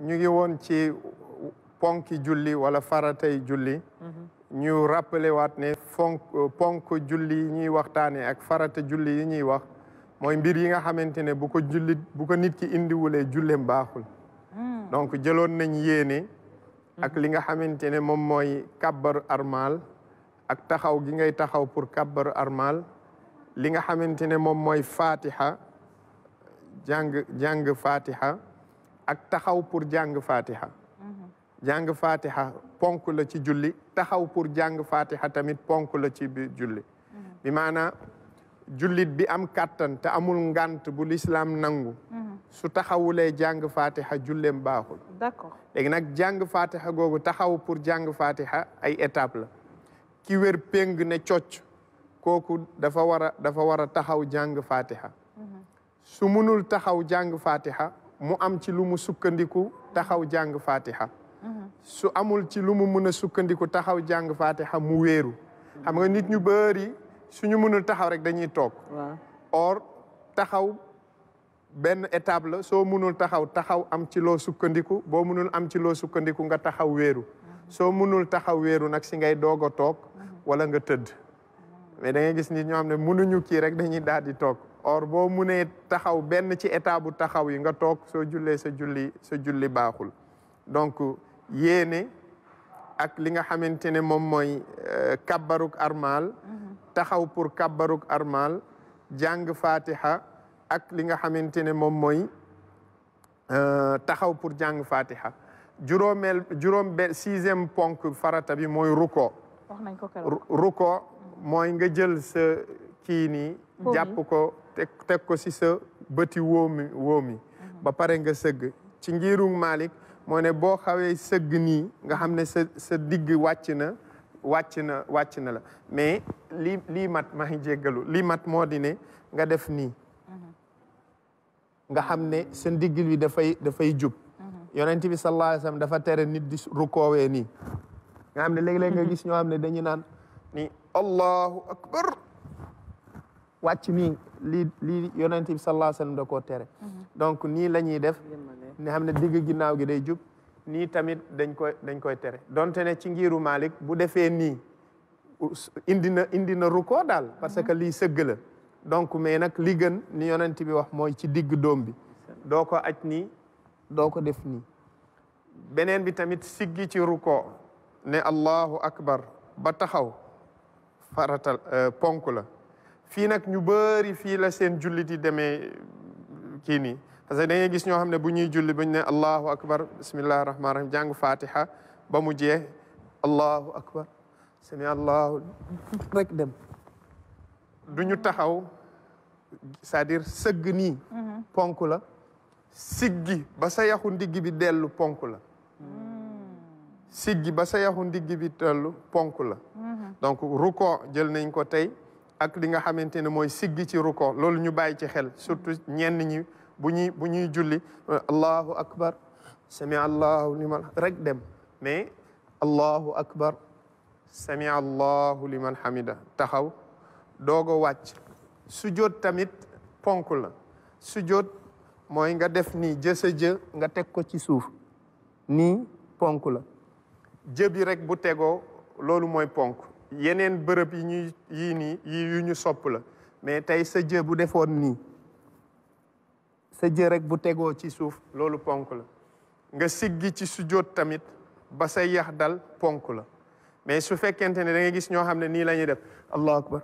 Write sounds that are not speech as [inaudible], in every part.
ñu ngi woon ci ponki julli wala faratay julli mm-hmm. ñu rappelé waat ne fonk ponk julli yi ñuy waxtaane ak farata julli yi ñuy wax mooy mbir yi nga xamante ne bu ko jullit bu ko nit ki indiwulee julleem baaxul mm. donc jëloon nañ yéene mm-hmm. ak li nga xamante ne moom mooy kàbbaru armal ak taxaw gi ngay taxaw pour kàbbaru armal li nga xamante ne moom mooy fatiha jàng jàng fatiha ak taxaw pour jàng fatiha jàng fatiha ponk la ci julli taxaw pour jàng fatiha tamit ponk la ci biir julli bi maanaa jullit bi am kàttan te amul ngànt bu lislam nangu su taxawulee jàng fatiha julleem baaxul d'accord léegi nag jàng fatiha googu taxaw pour jàng fatiha ay étape la ki wér péng ne cocc kooku dafa war a taxaw jàng fatiha mhm. su munul taxaw jàng fatiha mu am ci lu mu sukkandiku taxaw fatiha mhm. su amul ci lu mu mën a sukkandiku taxaw jàng fatiha mu wéeru xam nga nit ñu bëri suñu mënul taxaw rek dañuy tok or taxaw ben étape la munul mënul taxaw taxaw am ci loo sukkandiku bo mënul am ci loo sukkandiku nga taxaw wéeru so mënul taxaw wéeru nag si ngay doog a toog mhm. wala nga tëdd mais da ngay gis nit ñoo ne rek dañuy daal di or boo munee taxaw benn ci état bu taxaw yi nga toog soo jullee sa julli sa julli baaxul donc yéene ak li nga xamante ne moom mooy euh, kabbaruk armal mm-hmm. taxaw pour kabbaruk armal jàng fatiha ak li nga xamante ne moom mooy euh, taxaw pour jàng fatiha juróomeel juróom ponk farata bi mooy ruko ruko mooy nga jël sa kii nii jàpp ko teg ko si sa bëti wóomi wóomi mhm. ba pare nga sëgg ci ngirum Malick moo ne boo xawee sëgg nii nga xam ne sa sa digg wàcc na wàcc na wàcc na la mais lii mat maa ngi lii mat moo di ne nga def nii mhm. nga xam ne sa ndigg bi dafay dafay jub mhm. yonent bi sallallahu alayhi wasallam dafa tere nit di nii nga xam ne léeg-léeg nga gis ñoo xam ne dañu naan ni allahu akbar wàcc mi lii lii yonent bi sallallahu alayhi da koo tere mhm. donc nii la ñuy def ne xam ne digg ginnaaw gi day jub nii tamit dañ koy dañ koy tere donte ne ci ngiru Malik bu defee nii indi na indi na rukkoo daal parce que mhm. lii sëgg la donc mais nag li gën ni yonent bi wax mooy ci digg doom bi doo ko aj nii doo ko def nii beneen bi tamit siggi ci rukkoo ne allahu akbar ba taxaw faratal euh, ponk la Fina nag ñu bëri fii la seen julli di demee kii nii parce que da gis ñoo xam bu ñuy julli buñ allahu akbar bismillahi rahmani rahim Fatihah. fatiha ba mu jeex allahu akbar sami allahu rek dem duñu taxaw c'est-à-dire sëgg nii mhm. ponk la siggi ba sa yaxu ndigg bi dellu ponk la mm. siggi ba sa bi la mhm. donc ruko jël nañ ko tey ak li nga xamante ne mooy siggi ci ruko loolu ñu bàyyi ci xel surtout ñenn ñi bu ñuy bu ñuy julli allahu akbar sami allahu liman rek dem mais allahu akbar sami allahu liman hamida taxaw doog a wàcc sujjóot tamit ponk la sujjóot mooy nga def nii jë sa jë nga teg ko ci suuf ni ponk la jë bi rek bu tegoo loolu mooy ponk yeneen bërëb yi ñuy yii nii yi ñu sopp la mais tey sa jë bu defoon nii sa jë rek bu tegoo ci suuf loolu ponk la nga siggi ci sujjóot tamit ba sa yax dal ponk la mais su fekkente ne da ngay gis ñoo xam ne nii lañuy ñuy def allahu akbar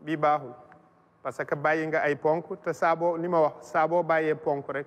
bi baaxul parce que bàyyi nga ay ponk te saaboo ni ma wax saaboo bàyyee ponk rek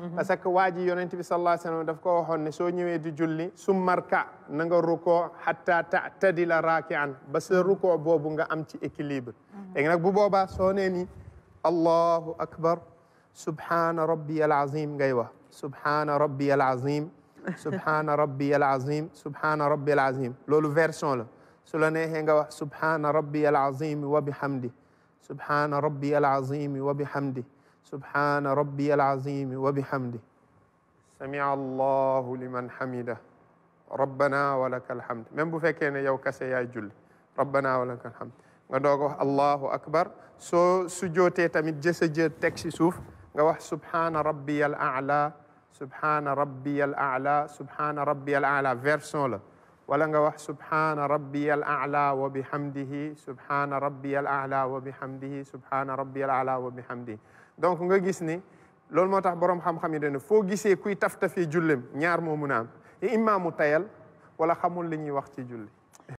Mhm. parce que waa ji yonent bi sallallahu alayhi wa sallam daf ko waxoon ne soo ñëwee di julli summarka na nga rukoo hatta ta'tadila raaki'an ba sa mhm. rukoo boobu nga am ci équilibre mhm. léegi nag bu boobaa soo nee ni allahu akbar subhaana rabbi al azim ngay wax subhaana rabbi al azim [laughs] subhaana rabbi al azim subhaana rabbi al azim loolu version la su la neexee nga wax subhaana rabbi al azim wa bihamdi subhaana rabbi al azim wa bihamdi سبحان ربي العظيم وبحمده سمع الله لمن حمده ربنا ولك الحمد من بو فكين ne كسي kase yaay julli rabbana walaka nga dogo wax allahu akbar so su jootee tamit jësa jë teg si suuf nga wax subhana rabbiya al aala subhana rabbiya al aala subhana rabbiya al aala version la wala nga wax subhaana rabbiyal a'la wa bihamdihi subhaana rabbiyal a'la wa bihamdihi subhaana rabbiyal nga gis ni lol motax borom xam-xam yi dañ foo gisee kuy taftafi tafee jullem ñaar mo mun a imam tayal wala xamul li ñuy wax ci julli